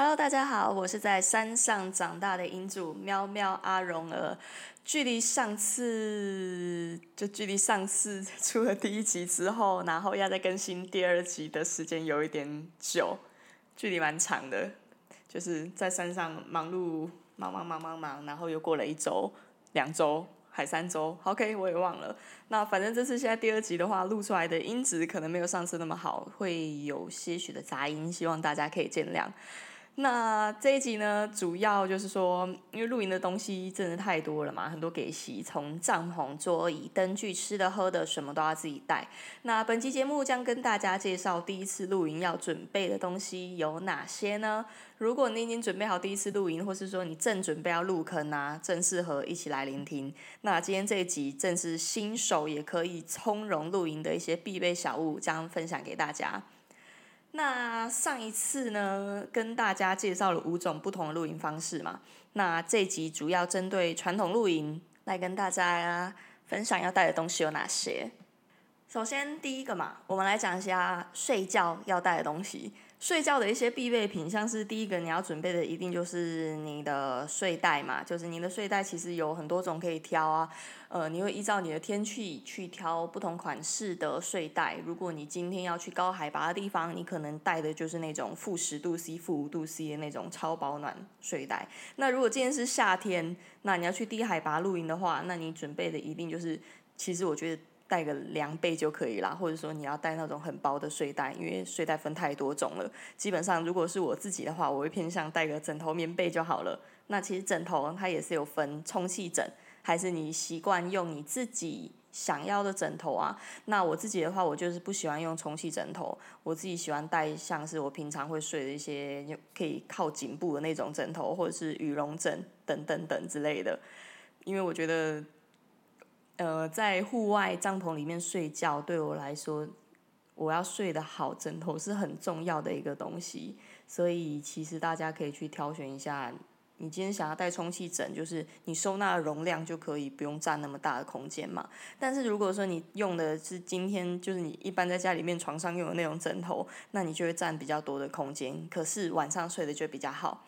Hello，大家好，我是在山上長大的音主喵喵阿榮兒。距離上次就距離上次出了第一集之後，然後要再更新第二集的時間有一點久，距離蠻長的。就是在山上忙碌忙忙忙忙忙，然後又過了一周、兩周、還三周，OK，我也忘了。那反正這次現在第二集的話，錄出來的音質可能沒有上次那麼好，會有些許的雜音，希望大家可以見諒。那這一集呢，主要就是說，因為露營的東西真的太多了嘛，很多給席，從帳篷、桌椅、燈具、吃的、喝的，什麼都要自己帶。那本期節目將跟大家介紹第一次露營要準備的東西有哪些呢？如果你已經準備好第一次露營，或是說你正準備要入坑啊，正適合一起來聆聽。那今天這一集，正是新手也可以從容露營的一些必備小物，將分享給大家。那上一次呢，跟大家介紹了五種不同的露營方式嘛。那這集主要針對傳統露營來跟大家分享要帶的東西有哪些。首先第一個嘛，我們來講一下睡覺要帶的東西。睡覺的一些必備品，像是第一個你要準備的，一定就是你的睡袋嘛。就是你的睡袋其實有很多種可以挑啊，呃，你會依照你的天氣去挑不同款式的睡袋。如果你今天要去高海拔的地方，你可能帶的就是那種負十度 C、負五度 C 的那種超保暖睡袋。那如果今天是夏天，那你要去低海拔露營的話，那你準備的一定就是，其實我覺得。帶個涼被就可以啦，或者說你要帶那種很薄的睡袋，因為睡袋分太多種了。基本上，如果是我自己的話，我會偏向帶個枕頭棉被就好了。那其實枕頭它也是有分充氣枕，還是你習慣用你自己想要的枕頭啊？那我自己的話，我就是不喜歡用充氣枕頭，我自己喜歡帶像是我平常會睡的一些可以靠頸部的那種枕頭，或者是羽絨枕等等等之類的，因為我覺得。呃，在戶外帳篷裡面睡覺對我來說，我要睡得好，枕頭是很重要的一個東西。所以其實大家可以去挑選一下，你今天想要帶充氣枕，就是你收納的容量就可以不用佔那麼大的空間嘛。但是如果說你用的是今天就是你一般在家裡面床上用的那種枕頭，那你就會佔比較多的空間。可是晚上睡得就比較好。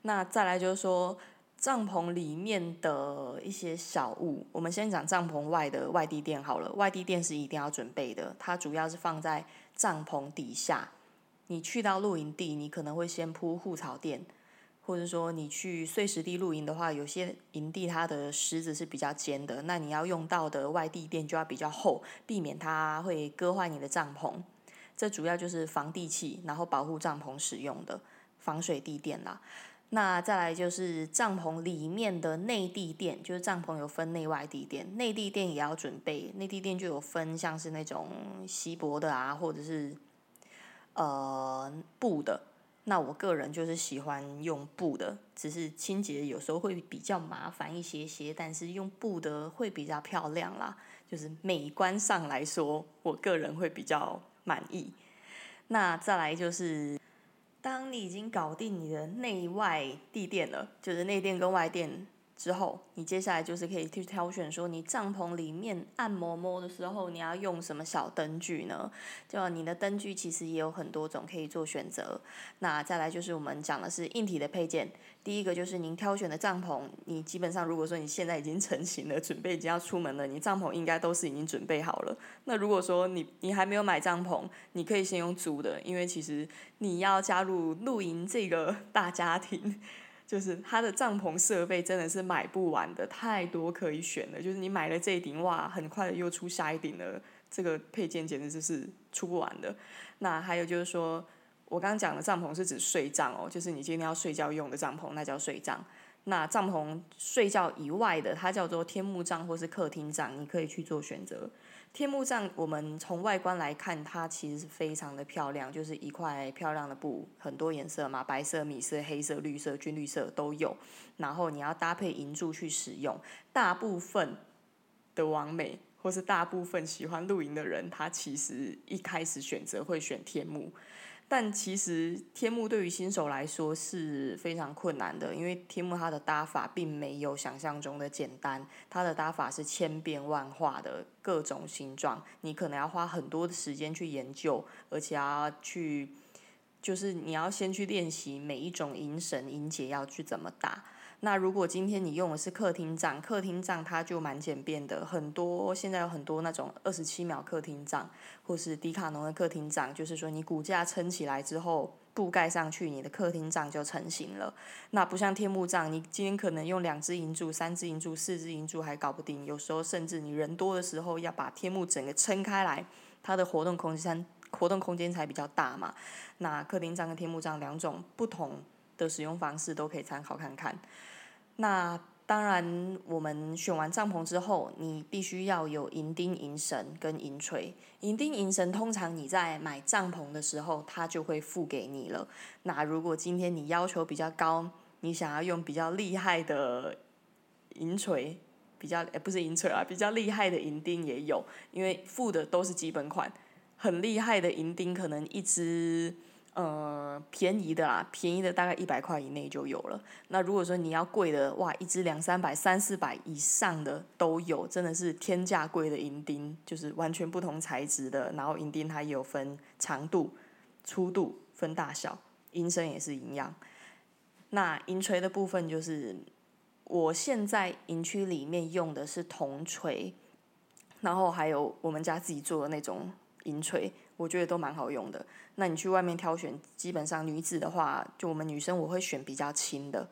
那再來就是說。帳篷裡面的一些小物，我們先講帳篷外的外地墊好了。外地墊是一定要準備的，它主要是放在帳篷底下。你去到露營地，你可能會先鋪護草墊，或者說你去碎石地露營的話，有些營地它的石子是比較尖的，那你要用到的外地墊就要比較厚，避免它會割壞你的帳篷。這主要就是防地氣，然後保護帳篷使用的防水地墊啦。那再來就是帳篷裡面的內地墊，就是帳篷有分內外地墊，內地墊也要準備。內地墊就有分，像是那種錫箔的啊，或者是呃布的。那我個人就是喜歡用布的，只是清潔有時候會比較麻煩一些些，但是用布的會比較漂亮啦，就是美觀上來說，我個人會比較滿意。那再來就是。當你已經搞定你的內外地墊了，就是內墊跟外墊。之後，你接下來就是可以去挑選說，你帳篷裡面暗摸摸的時候，你要用什麼小燈具呢？就、啊、你的燈具其實也有很多種可以做選擇。那再來就是我們講的是硬體的配件，第一個就是您挑選的帳篷，你基本上如果說你現在已經成型了，準備已經要出門了，你帳篷應該都是已經準備好了。那如果說你你還沒有買帳篷，你可以先用租的，因為其實你要加入露營這個大家庭，就是它的帳篷設備真的是買不完的，太多可以選了。就是你買了這一頂，哇，很快的又出下一頂了。這個配件，簡直就是出不完的。那還有就是說，我剛剛講的帳篷是指睡帳哦，就是你今天要睡覺用的帳篷，那叫睡帳。那帳篷睡覺以外的，它叫做天幕帳或是客廳帳，你可以去做選擇。天幕上，我們從外觀來看，它其實是非常的漂亮，就是一塊漂亮的布，很多顏色嘛，白色、米色、黑色、綠色、軍綠色都有。然後你要搭配銀柱去使用。大部分的網美，或是大部分喜歡露營的人，他其實一開始選擇會選天幕。但其實天幕對於新手來說是非常困難的，因為天幕它的搭法並沒有想象中的簡單，它的搭法是千變萬化的各種形狀，你可能要花很多的時間去研究，而且要去，就是你要先去練習每一種營繩營結要去怎麼搭。那如果今天你用的是客廳帳，客廳帳它就蠻簡便的，很多現在有很多那種二十七秒客廳帳，或是迪卡儂的客廳帳，就是說你骨架撐起來之後，布蓋上去，你的客廳帳就成型了。那不像天幕帳，你今天可能用兩支營柱、三支營柱、四支營柱還搞不定，有時候甚至你人多的時候要把天幕整個撐開來，它的活動空間、活動空間才比較大嘛。那客廳帳跟天幕帳兩種不同的使用方式都可以參考看看。那當然，我們選完帳篷之後，你必須要有營釘、營繩跟營槌。營釘、營繩通常你在買帳篷的時候，它就會附給你了。那如果今天你要求比較高，你想要用比較厲害的營槌，比較哎、欸、不是營槌啊，比較厲害的營釘也有，因為附的都是基本款。很厲害的營釘可能一支。呃、嗯，便宜的啦，便宜的大概一百塊以內就有了。那如果說你要貴的，哇，一支兩三百、三四百以上的都有，真的是天價貴的營釘，就是完全不同材質的。然後營釘它有分長度、粗度、分大小，營繩也是一樣。那營錘的部分就是，我現在營區裡面用的是銅錘，然後還有我們家自己做的那種營錘。我覺得都蠻好用的。那你去外面挑選，基本上女子的話，就我們女生，我會選比較輕的。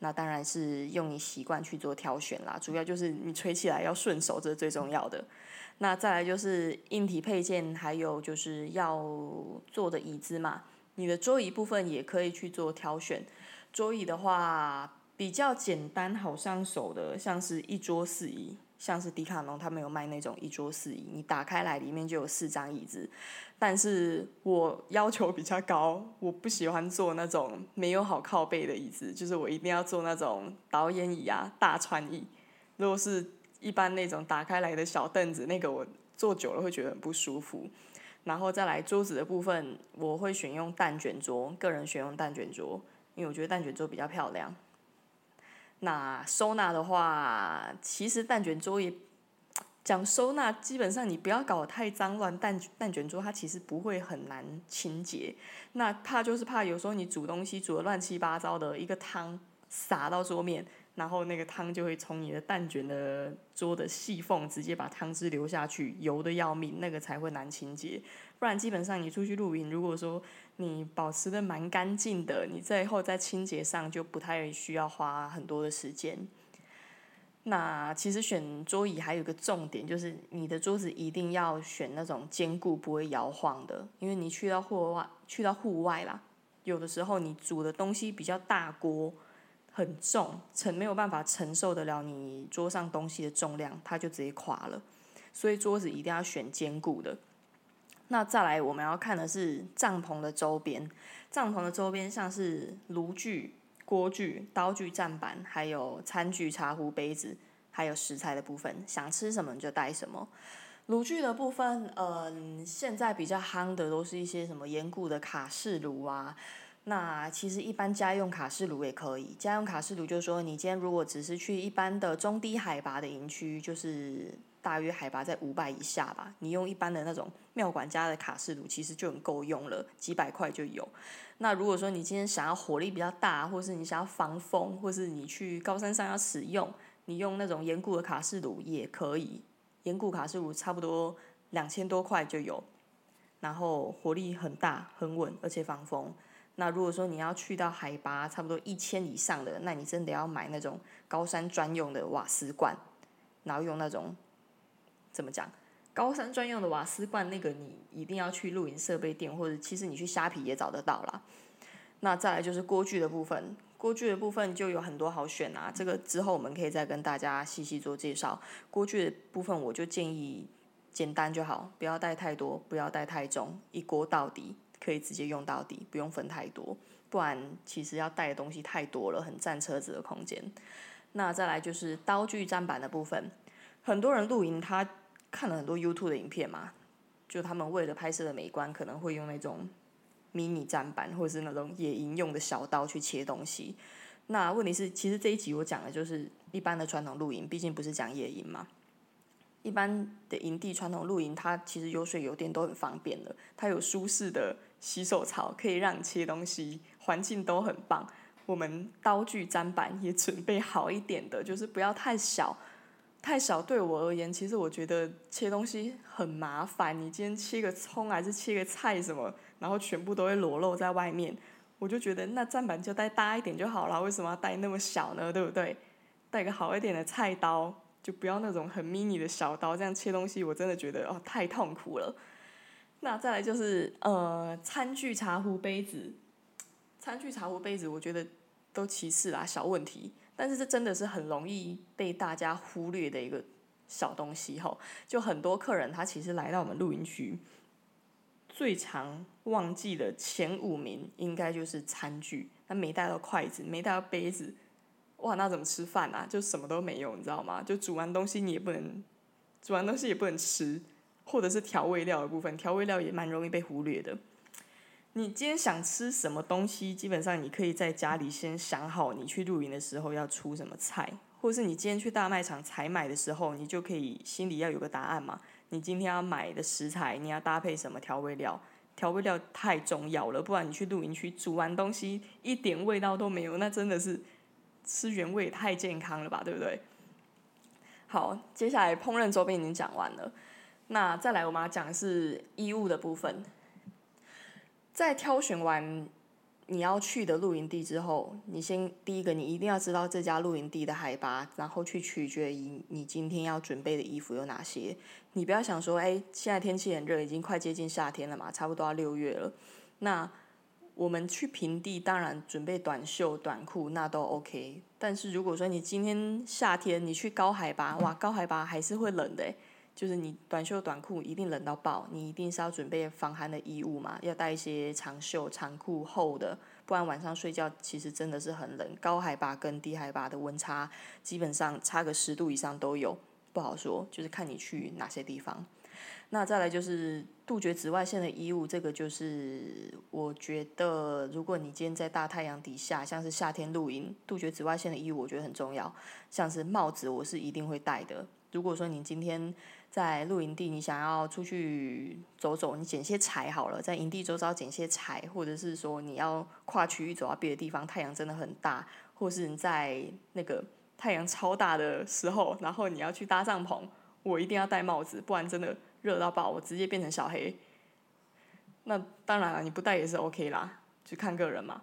那當然是用你習慣去做挑選啦，主要就是你吹起來要順手，這是最重要的。那再來就是硬體配件，還有就是要坐的椅子嘛。你的桌椅部分也可以去做挑選。桌椅的話，比較簡單、好上手的，像是一桌四椅。像是迪卡儂，他們有賣那種一桌四椅，你打開來裡面就有四張椅子。但是我要求比較高，我不喜歡坐那種沒有好靠背的椅子，就是我一定要坐那種導演椅啊、大川椅。如果是一般那種打開來的小凳子，那個我坐久了會覺得很不舒服。然後再來桌子的部分，我會選用蛋卷桌，個人選用蛋卷桌，因為我覺得蛋卷桌比較漂亮。那收納的話，其實蛋捲桌也講收納，基本上你不要搞得太髒亂。蛋蛋捲桌它其實不會很難清潔，那怕就是怕有時候你煮東西煮得亂七八糟的一個湯灑到桌面。然後那個湯就會從你的蛋卷的桌的細縫直接把湯汁流下去，油得要命，那個才會難清潔。不然基本上你出去露營，如果說你保持得蠻乾淨的，你最後在清潔上就不太需要花很多的時間。那其實選桌椅還有一個重點，就是你的桌子一定要選那種堅固不會搖晃的，因為你去到戶外，去到戶外啦，有的時候你煮的東西比較大鍋。很重，承沒有辦法承受得了你桌上東西的重量，它就直接垮了。所以桌子一定要選堅固的。那再來，我們要看的是帳篷的周邊。帳篷的周邊像是爐具、鍋具、刀具、砧板，還有餐具、茶壺、杯子，還有食材的部分。想吃什麼你就帶什麼。爐具的部分，嗯、呃，現在比較夯的都是一些什麼岩谷的卡式爐啊。那其實一般家用卡式爐也可以。家用卡式爐就是說，你今天如果只是去一般的中低海拔的營區，就是大約海拔在五百以下吧，你用一般的那種妙管家的卡式爐其實就很夠用了，幾百塊就有。那如果說你今天想要火力比較大，或是你想要防風，或是你去高山上要使用，你用那種巖谷的卡式爐也可以。巖谷卡式爐差不多兩千多塊就有，然後火力很大、很穩，而且防風。那如果說你要去到海拔差不多一千以上的，那你真的要買那種高山專用的瓦斯罐，然後用那種怎麼講？高山專用的瓦斯罐，那個你一定要去露營設備店，或者其實你去蝦皮也找得到啦。那再來就是鍋具的部分，鍋具的部分就有很多好選啊。這個之後我們可以再跟大家細細做介紹。鍋具的部分，我就建議簡單就好，不要帶太多，不要帶太重，一鍋到底。可以直接用到底，不用分太多，不然其實要帶的東西太多了，很佔車子的空間。那再來就是刀具、砧板的部分。很多人露營，他看了很多 YouTube 的影片嘛，就他們為了拍攝的美觀，可能會用那種迷你砧板或者是那種野營用的小刀去切東西。那問題是，其實這一集我講的就是一般的傳統露營，畢竟不是講野營嘛。一般的營地傳統露營，它其實有水有電都很方便的，它有舒適的。洗手槽可以讓你切東西，環境都很棒。我們刀具砧板也準備好一點的，就是不要太小。太小對我而言，其實我覺得切東西很麻煩。你今天切個蔥還是切個菜什麼，然後全部都會裸露在外面。我就覺得那砧板就帶大一點就好了，為什麼要帶那麼小呢？對不對？帶個好一點的菜刀，就不要那種很 mini 的小刀，這樣切東西我真的覺得哦太痛苦了。那再來就是呃餐具、茶壺、杯子，餐具、茶壺、杯子，我覺得都其次啦、啊，小問題。但是這真的是很容易被大家忽略的一個小東西吼。就很多客人他其實來到我們露營區，最常忘記的前五名應該就是餐具，他沒帶到筷子，沒帶到杯子，哇，那怎麼吃飯啊？就什麼都沒有，你知道嗎？就煮完東西你也不能，煮完東西也不能吃。或者是調味料的部分，調味料也蠻容易被忽略的。你今天想吃什麼東西，基本上你可以在家裡先想好，你去露營的時候要出什麼菜，或是你今天去大賣場採買的時候，你就可以心裡要有個答案嘛。你今天要買的食材，你要搭配什麼調味料？調味料太重要了，不然你去露營區煮完東西一點味道都沒有，那真的是吃原味也太健康了吧，對不對？好，接下來烹飪周邊已經講完了。那再來，我們要講的是衣物的部分。在挑選完你要去的露營地之後，你先第一個，你一定要知道這家露營地的海拔，然後去取決於你今天要準備的衣服有哪些。你不要想說，哎，現在天氣很熱，已經快接近夏天了嘛，差不多要六月了。那我們去平地，當然準備短袖、短褲，那都 OK。但是如果說你今天夏天你去高海拔，哇，高海拔還是會冷的。欸。就是你短袖短褲一定冷到爆，你一定是要準備防寒的衣物嘛，要帶一些長袖長褲厚的，不然晚上睡覺其實真的是很冷。高海拔跟低海拔的溫差基本上差個十度以上都有，不好說，就是看你去哪些地方。那再來就是杜絕紫外線的衣物，這個就是我覺得如果你今天在大太陽底下，像是夏天露營，杜絕紫外線的衣物我覺得很重要。像是帽子，我是一定會戴的。如果說你今天在露營地，你想要出去走走，你撿些柴好了。在營地周遭撿些柴，或者是說你要跨區域走到別的地方，太陽真的很大，或是你在那個太陽超大的時候，然後你要去搭帳篷，我一定要戴帽子，不然真的熱到爆，我直接變成小黑。那當然了，你不戴也是 OK 啦，就看個人嘛。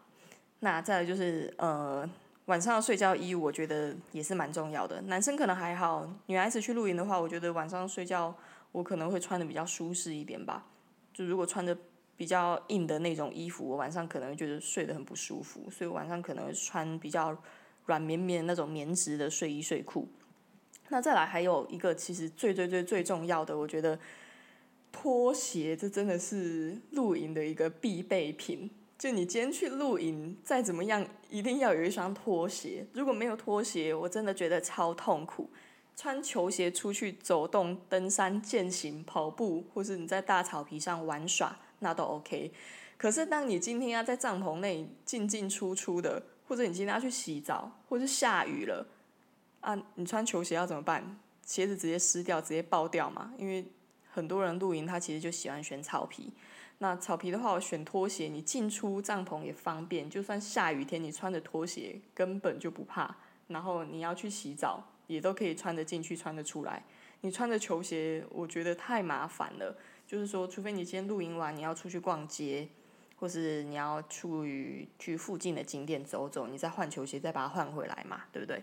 那再來就是呃。晚上睡覺衣，我覺得也是蠻重要的。男生可能還好，女孩子去露營的話，我覺得晚上睡覺我可能會穿的比較舒適一點吧。就如果穿着比較硬的那種衣服，我晚上可能覺得睡得很不舒服，所以我晚上可能會穿比較軟綿綿那種棉質的睡衣睡褲。那再來還有一個，其實最最最最重要的，我覺得拖鞋，這真的是露營的一個必備品。就你今天去露營，再怎麼樣，一定要有一雙拖鞋。如果沒有拖鞋，我真的覺得超痛苦。穿球鞋出去走動、登山、健行、跑步，或是你在大草皮上玩耍，那都 OK。可是，當你今天要在帳篷內進進出出的，或者你今天要去洗澡，或是下雨了，啊，你穿球鞋要怎麼辦？鞋子直接濕掉，直接爆掉嘛。因為很多人露營，他其實就喜歡選草皮。那草皮的話，我選拖鞋，你進出帳篷也方便。就算下雨天，你穿着拖鞋根本就不怕。然後你要去洗澡，也都可以穿得進去，穿得出來。你穿着球鞋，我覺得太麻煩了。就是說，除非你今天露營完，你要出去逛街，或是你要出去附近的景點走走，你再換球鞋，再把它換回來嘛，對不對？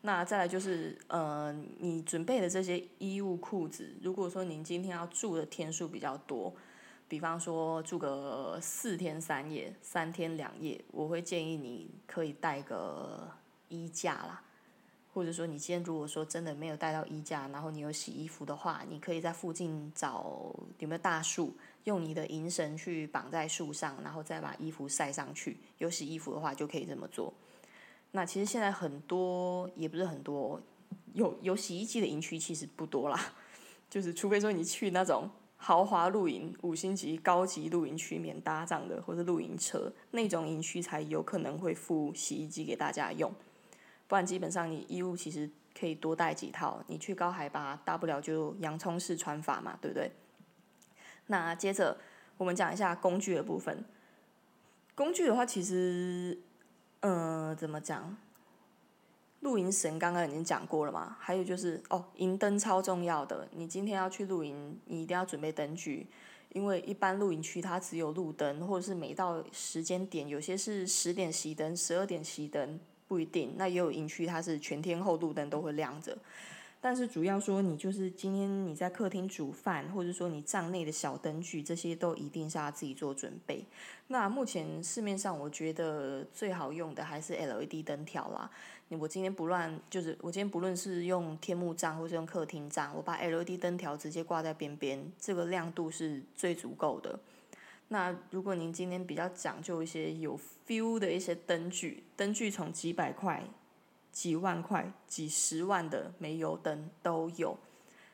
那再來就是，呃，你準備的這些衣物褲子，如果說你今天要住的天數比較多。比方說住個四天三夜、三天兩夜，我會建議你可以帶個衣架啦。或者說，你今天如果說真的沒有帶到衣架，然後你有洗衣服的話，你可以在附近找有沒有大樹，用你的營繩去綁在樹上，然後再把衣服曬上去。有洗衣服的話就可以這麼做。那其實現在很多，也不是很多，有，有洗衣機的營區其實不多啦，就是除非說你去那種。豪華露營，五星級高級露營區免搭帳的，或者露營車那種營區才有可能會附洗衣機給大家用。不然基本上你衣物其實可以多帶幾套，你去高海拔，大不了就洋蔥式穿法嘛，對不對？那接着我們講一下工具的部分。工具的話，其實，嗯、呃，怎麼講？露營繩剛剛已經講過了嘛，還有就是哦，營燈超重要的，你今天要去露營，你一定要準備燈具，因為一般露營區它只有路燈，或者是每到時間點，有些是十點熄燈，十二點熄燈，不一定，那也有營區它是全天候路燈都會亮着。但是主要說，你就是今天你在客廳煮飯，或者說你帳內的小燈具，這些都一定是要自己做準備。那目前市面上，我覺得最好用的還是 LED 燈條啦。你我今天不亂，就是我今天不論是用天幕帳或是用客廳帳，我把 LED 燈條直接掛在邊邊，這個亮度是最足夠的。那如果您今天比較講究一些有 feel 的一些燈具，燈具從幾百塊，幾萬塊、幾十萬的煤油燈都有，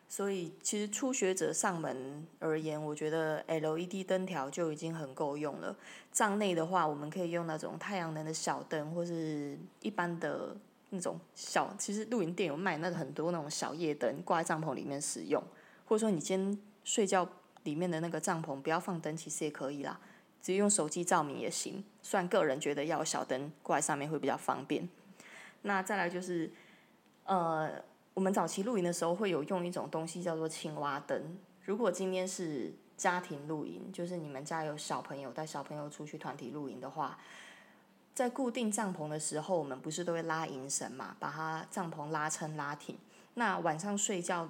所以其實初學者上門而言，我覺得 LED 燈條就已經很夠用了。帳內的話，我們可以用那種太陽能的小燈，或是一般的那種小，其實露營店有賣那很多那種小夜燈，掛在帳篷裡面使用。或者說你今天睡覺裡面的那個帳篷不要放燈，其實也可以啦，直接用手機照明也行。雖然個人覺得要小燈掛在上面會比較方便。那再來就是，呃，我們早期露營的時候會有用一種東西叫做青蛙燈。如果今天是家庭露營，就是你們家有小朋友，帶小朋友出去團體露營的話，在固定帳篷的時候，我們不是都會拉營繩嘛，把它帳篷拉撐拉挺。那晚上睡覺，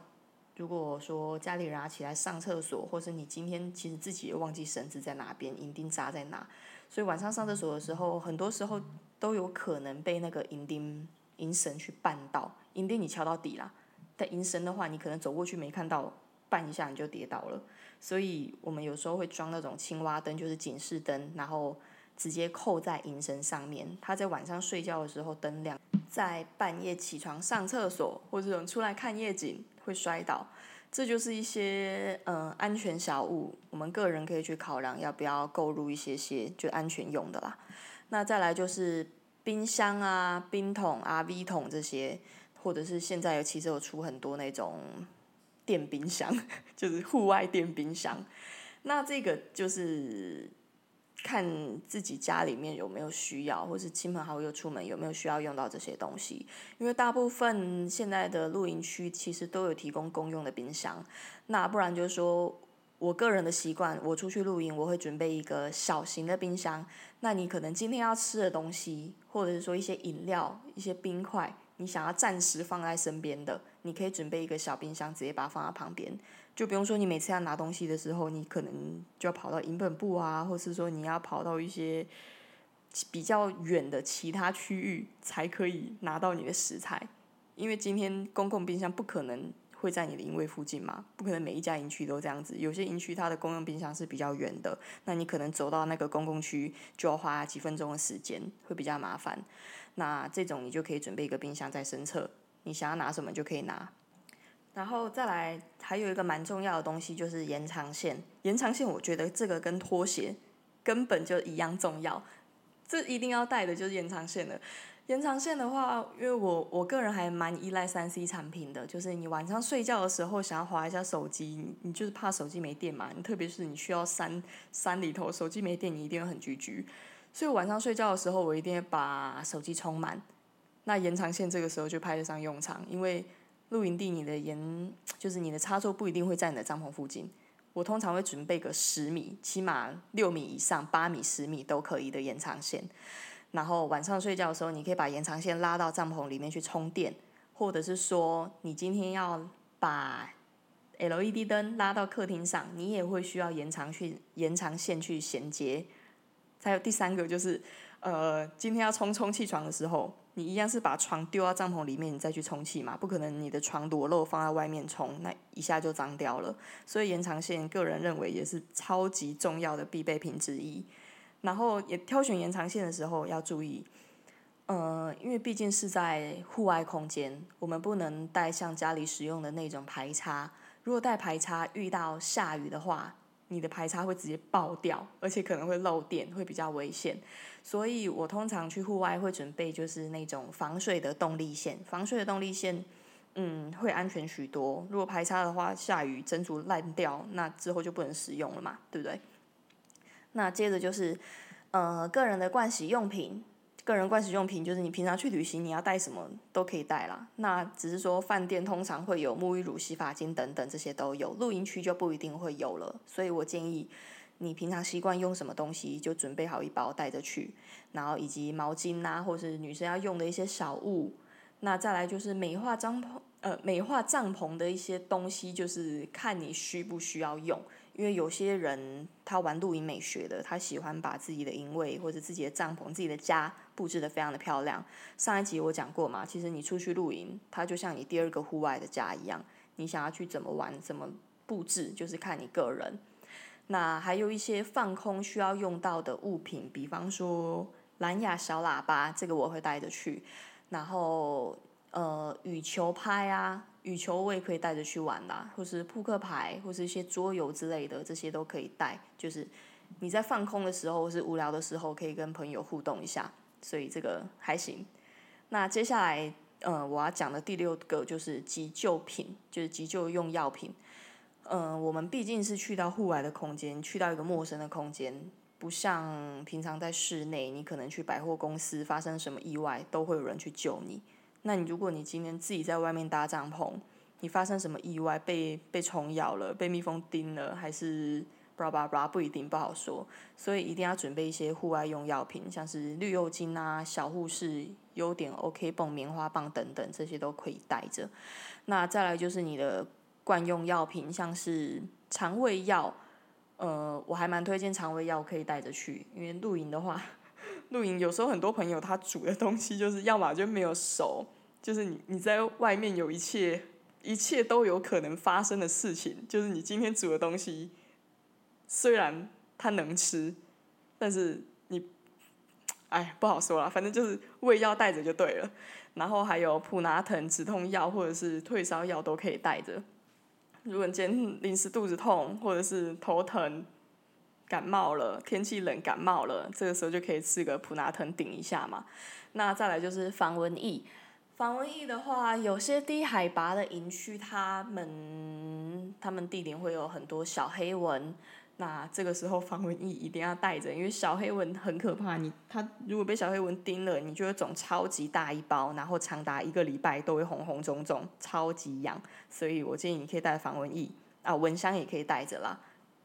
如果說家裡人拉、啊、起來上廁所，或是你今天其實自己也忘記繩子在哪邊，營釘扎在哪，所以晚上上廁所的時候，很多時候。都有可能被那個營釘、營繩去絆倒。營釘你敲到底啦，但營繩的話，你可能走過去沒看到，絆一下你就跌倒了。所以我們有時候會裝那種青蛙燈，就是警示燈，然後直接扣在營繩上面。它在晚上睡覺的時候燈亮，在半夜起床上廁所或者出來看夜景會摔倒。這就是一些嗯、呃、安全小物，我們個人可以去考量要不要購入一些些就安全用的啦。那再來就是冰箱啊、冰桶啊、冰桶這些，或者是現在有其實有出很多那種電冰箱，就是戶外電冰箱。那這個就是看自己家裡面有沒有需要，或是親朋好友出門有沒有需要用到這些東西。因為大部分現在的露營區其實都有提供公用的冰箱，那不然就是說。我個人的習慣，我出去露營，我會準備一個小型的冰箱。那你可能今天要吃的東西，或者是說一些飲料、一些冰塊，你想要暫時放在身邊的，你可以準備一個小冰箱，直接把它放在旁邊。就比如說，你每次要拿東西的時候，你可能就要跑到營本部啊，或者是說你要跑到一些比較遠的其他區域才可以拿到你的食材，因為今天公共冰箱不可能會在你的營位附近嗎？不可能每一家營區都這樣子，有些營區它的公用冰箱是比較遠的，那你可能走到那個公共區就要花幾分鐘的時間，會比較麻煩。那這種你就可以準備一個冰箱在身側，你想要拿什麼就可以拿。然後再來還有一個蠻重要的東西就是延長線，延長線我覺得這個跟拖鞋根本就一樣重要，這一定要帶的就是延長線的。延長線的話，因為我我個人還蠻依賴三 C 產品的，就是你晚上睡覺的時候想要滑一下手機，你就是怕手機沒電嘛。你特別是你需要山山裡頭手機沒電，你一定很 GG。所以晚上睡覺的時候，我一定要把手機充滿。那延長線這個時候就派得上用場，因為露營地你的延就是你的插座不一定會在你的帳篷附近。我通常會準備個十米，起碼六米以上，八米、十米都可以的延長線。然後晚上睡覺的時候，你可以把延長線拉到帳篷裡面去充電，或者是說你今天要把 LED 燈拉到客廳上，你也會需要延長去延長線去銜接。還有第三個就是，呃，今天要充充氣床的時候，你一樣是把床丟到帳篷裡面，你再去充氣嘛？不可能你的床裸露放在外面充，那一下就髒掉了。所以延長線，個人認為也是超級重要的必備品之一。然後也挑選延長線的時候要注意，呃，因為畢竟是在戶外空間，我們不能帶像家裡使用的那種排插。如果帶排插，遇到下雨的話，你的排插會直接爆掉，而且可能會漏電，會比較危險。所以我通常去戶外會準備就是那種防水的動力線，防水的動力線，嗯，會安全許多。如果排插的話，下雨整組爛掉，那之後就不能使用了嘛，對不對？那接着就是，呃，個人的盥洗用品，個人盥洗用品就是你平常去旅行你要帶什麼都可以帶啦。那只是說飯店通常會有沐浴乳、洗髮精等等這些都有，露營區就不一定會有了。所以我建議你平常習慣用什麼東西就準備好一包帶着去，然後以及毛巾啦、啊，或是女生要用的一些小物。那再來就是美化帳篷，呃，美化帳篷的一些東西，就是看你需不需要用。因為有些人他玩露營美學的，他喜歡把自己的營位或者自己的帳篷、自己的家布置得非常的漂亮。上一集我講過嘛，其實你出去露營，它就像你第二個戶外的家一樣，你想要去怎麼玩、怎麼布置，就是看你個人。那還有一些放空需要用到的物品，比方說藍牙小喇叭，這個我會帶着去。然後呃，羽球拍啊。羽球我也可以帶着去玩啦，啊，或是撲克牌，或是一些桌遊之類的，這些都可以帶。就是你在放空的時候，或是無聊的時候，可以跟朋友互動一下，所以這個還行。那接下來，嗯，我要講的第六個就是急救品，就是急救用藥品。嗯，我們畢竟是去到戶外的空間，去到一個陌生的空間，不像平常在室內，你可能去百貨公司發生什麼意外，都會有人去救你。那你如果你今天自己在外面搭帳篷，你發生什麼意外，被被蟲咬了，被蜜蜂叮了，還是巴拉巴拉，不一定，不好說。所以一定要準備一些戶外用藥品，像是綠油精啊、小護士優點 OK 繃、棉花棒等等，這些都可以帶着。那再來就是你的慣用藥品，像是腸胃藥，呃，我還蠻推薦腸胃藥可以帶着去，因為露營的話。露營有時候很多朋友他煮的東西就是要麼就沒有熟，就是你你在外面有一切一切都有可能發生的事情，就是你今天煮的東西雖然它能吃，但是你哎不好說了，反正就是胃藥帶着就對了，然後還有普拿疼止痛藥或者是退燒藥都可以帶着，如果你今天臨時肚子痛或者是頭疼。感冒了，天氣冷感冒了，這個時候就可以吃個普拿疼頂一下嘛。那再來就是防蚊液，防蚊液的話，有些低海拔的營區它，他們他們地點會有很多小黑蚊。那這個時候防蚊液一定要帶着，因為小黑蚊很可怕。啊、你它如果被小黑蚊叮了，你就會腫超級大一包，然後長達一個禮拜都會紅紅腫腫，超級癢。所以我建議你可以帶防蚊液啊，蚊香也可以帶着啦，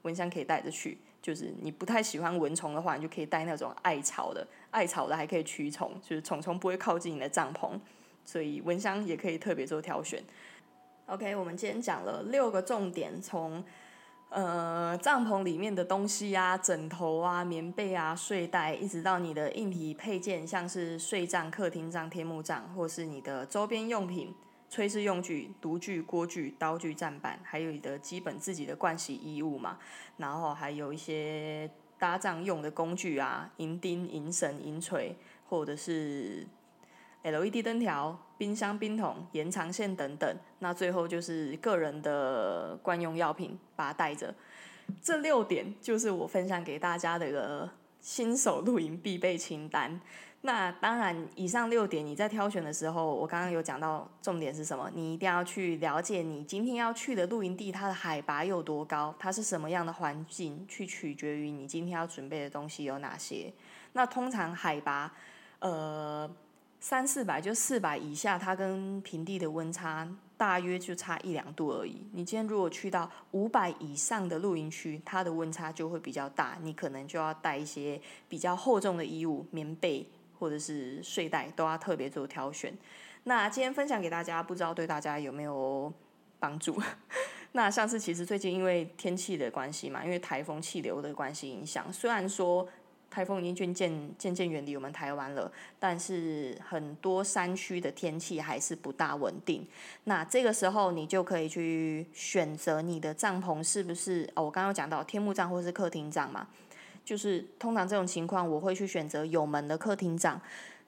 蚊香可以帶着去。就是你不太喜歡蚊蟲的話，你就可以帶那種艾草的，艾草的還可以驅蟲，就是蟲蟲不會靠近你的帳篷，所以蚊香也可以特別做挑選。OK，我們今天講了六個重點，從呃帳篷裡面的東西啊，枕頭啊、棉被啊、睡袋，一直到你的硬體配件，像是睡帳、客廳帳、天幕帳，或是你的周邊用品。炊事用具、毒具、鍋具、刀具、砧板，還有你的基本自己的盥洗衣物嘛，然後還有一些搭帳用的工具啊，營釘、營繩、營槌，或者是 LED 燈條、冰箱、冰桶、延長線等等。那最後就是個人的慣用藥品，把它帶着。這六點就是我分享給大家的一個新手露營必備清單。那當然，以上六點你在挑選的時候，我剛剛有講到重點是什麼，你一定要去了解你今天要去的露營地它的海拔有多高，它是什麼樣的環境，去取決於你今天要準備的東西有哪些。那通常海拔呃三四百就四百以下，它跟平地的溫差大約就差一兩度而已。你今天如果去到五百以上的露營區，它的溫差就會比較大，你可能就要帶一些比較厚重的衣物、棉被。或者是睡袋都要特別做挑選。那今天分享給大家，不知道對大家有沒有幫助？ 那上次其實最近因為天氣的關係嘛，因為颱風氣流的關係影響，雖然說颱風已經漸漸漸漸遠離我們台灣了，但是很多山區的天氣還是不大穩定。那這個時候你就可以去選擇你的帳篷是不是？哦，我剛剛有講到天幕帳或是客廳帳嘛。就是通常這種情況，我會去選擇有門的客廳帳。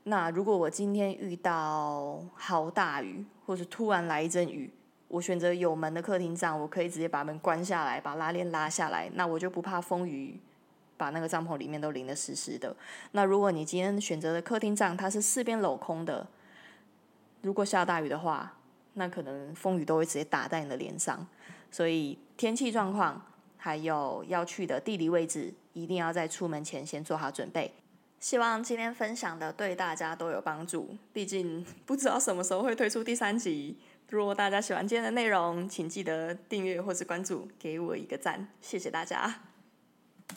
那如果我今天遇到好大雨，或是突然來一陣雨，我選擇有門的客廳帳，我可以直接把門關下來，把拉鏈拉下來，那我就不怕風雨把那個帳篷裡面都淋得濕濕的。那如果你今天選擇的客廳帳，它是四邊鏤空的，如果下大雨的話，那可能風雨都會直接打在你的臉上。所以天氣狀況還有要去的地理位置，一定要在出門前先做好準備。希望今天分享的對大家都有幫助。畢竟不知道什麼時候會推出第三集。如果大家喜歡今天的內容，請記得訂閱或是關注，給我一個讚。謝謝大家。